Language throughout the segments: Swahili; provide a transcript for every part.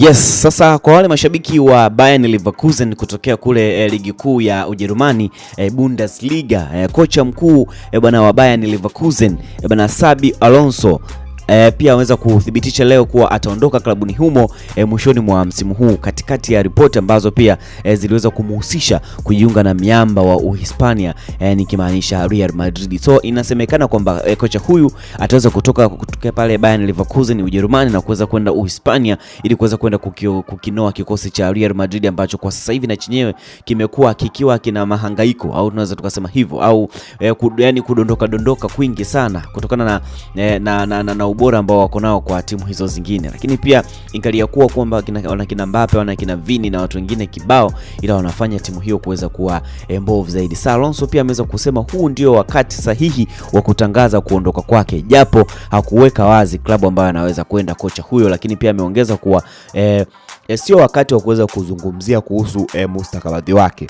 Yes, sasa kwa wale mashabiki wa Bayern Leverkusen kutokea kule eh, ligi kuu ya Ujerumani eh, Bundesliga eh, kocha mkuu eh, bwana wa Bayern Leverkusen eh, bwana Sabi Alonso e, pia ameweza kuthibitisha leo kuwa ataondoka klabuni humo e, mwishoni mwa msimu huu, katikati ya ripoti ambazo pia e, ziliweza kumhusisha kujiunga na miamba wa Uhispania e, nikimaanisha Real Madrid. So inasemekana kwamba e, kocha huyu ataweza kutoka kutoka pale Bayern Leverkusen Ujerumani na kuweza kwenda Uhispania ili kuweza kwenda kukinoa kikosi cha Real Madrid ambacho kwa sasa hivi na chenyewe kimekuwa kikiwa kina mahangaiko au tunaweza tukasema hivyo au e, kud, yani kudondoka dondoka kwingi sana kutokana na, e, na, na, na, na ubora ambao wako nao kwa timu hizo zingine, lakini pia ingalia kuwa kwamba wana kina Mbappe, wana kina Vini na watu wengine kibao, ila wanafanya timu hiyo kuweza kuwa eh, mbovu zaidi. Sasa Alonso pia ameweza kusema huu ndio wakati sahihi wa kutangaza kuondoka kwake, japo hakuweka wazi klabu ambayo anaweza kwenda kocha huyo, lakini pia ameongeza kuwa eh, eh sio wakati wa kuweza kuzungumzia kuhusu eh, mustakabadhi wake.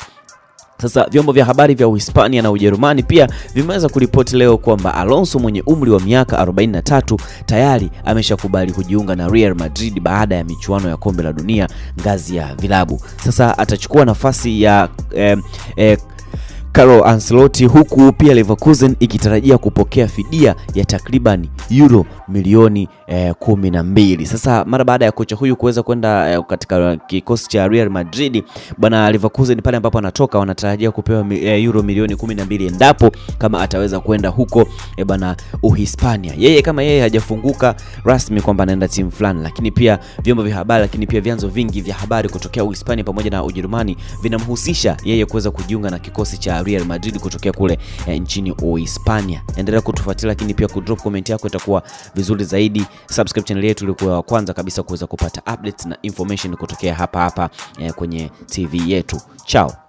Sasa vyombo vya habari vya Uhispania na Ujerumani pia vimeweza kuripoti leo kwamba Alonso mwenye umri wa miaka 43 tayari ameshakubali kujiunga na Real Madrid baada ya michuano ya kombe la dunia ngazi ya vilabu. Sasa atachukua nafasi ya eh, eh, Carlo Ancelotti huku pia Leverkusen ikitarajia kupokea fidia ya takribani euro milioni eh, kumi na mbili. Sasa mara baada ya kocha huyu kuweza kwenda eh, katika kikosi cha Real Madrid bwana Leverkusen pale ambapo anatoka wanatarajia kupewa eh, euro milioni kumi na mbili endapo kama ataweza kwenda huko eh, bwana Uhispania. Yeye kama yeye hajafunguka rasmi kwamba anaenda timu fulani, lakini pia vyombo vya habari, lakini pia vyanzo vingi vya habari kutokea Uhispania pamoja na Ujerumani vinamhusisha yeye kuweza kujiunga na kikosi cha Real Madrid kutokea kule eh, nchini Uhispania. Endelea kutufuatilia, lakini pia kudrop comment yako itakuwa vizuri zaidi. Subscribe channel yetu ili kuwa wa kwanza kabisa kuweza kupata updates na information kutokea hapa hapa eh, kwenye TV yetu. Chao.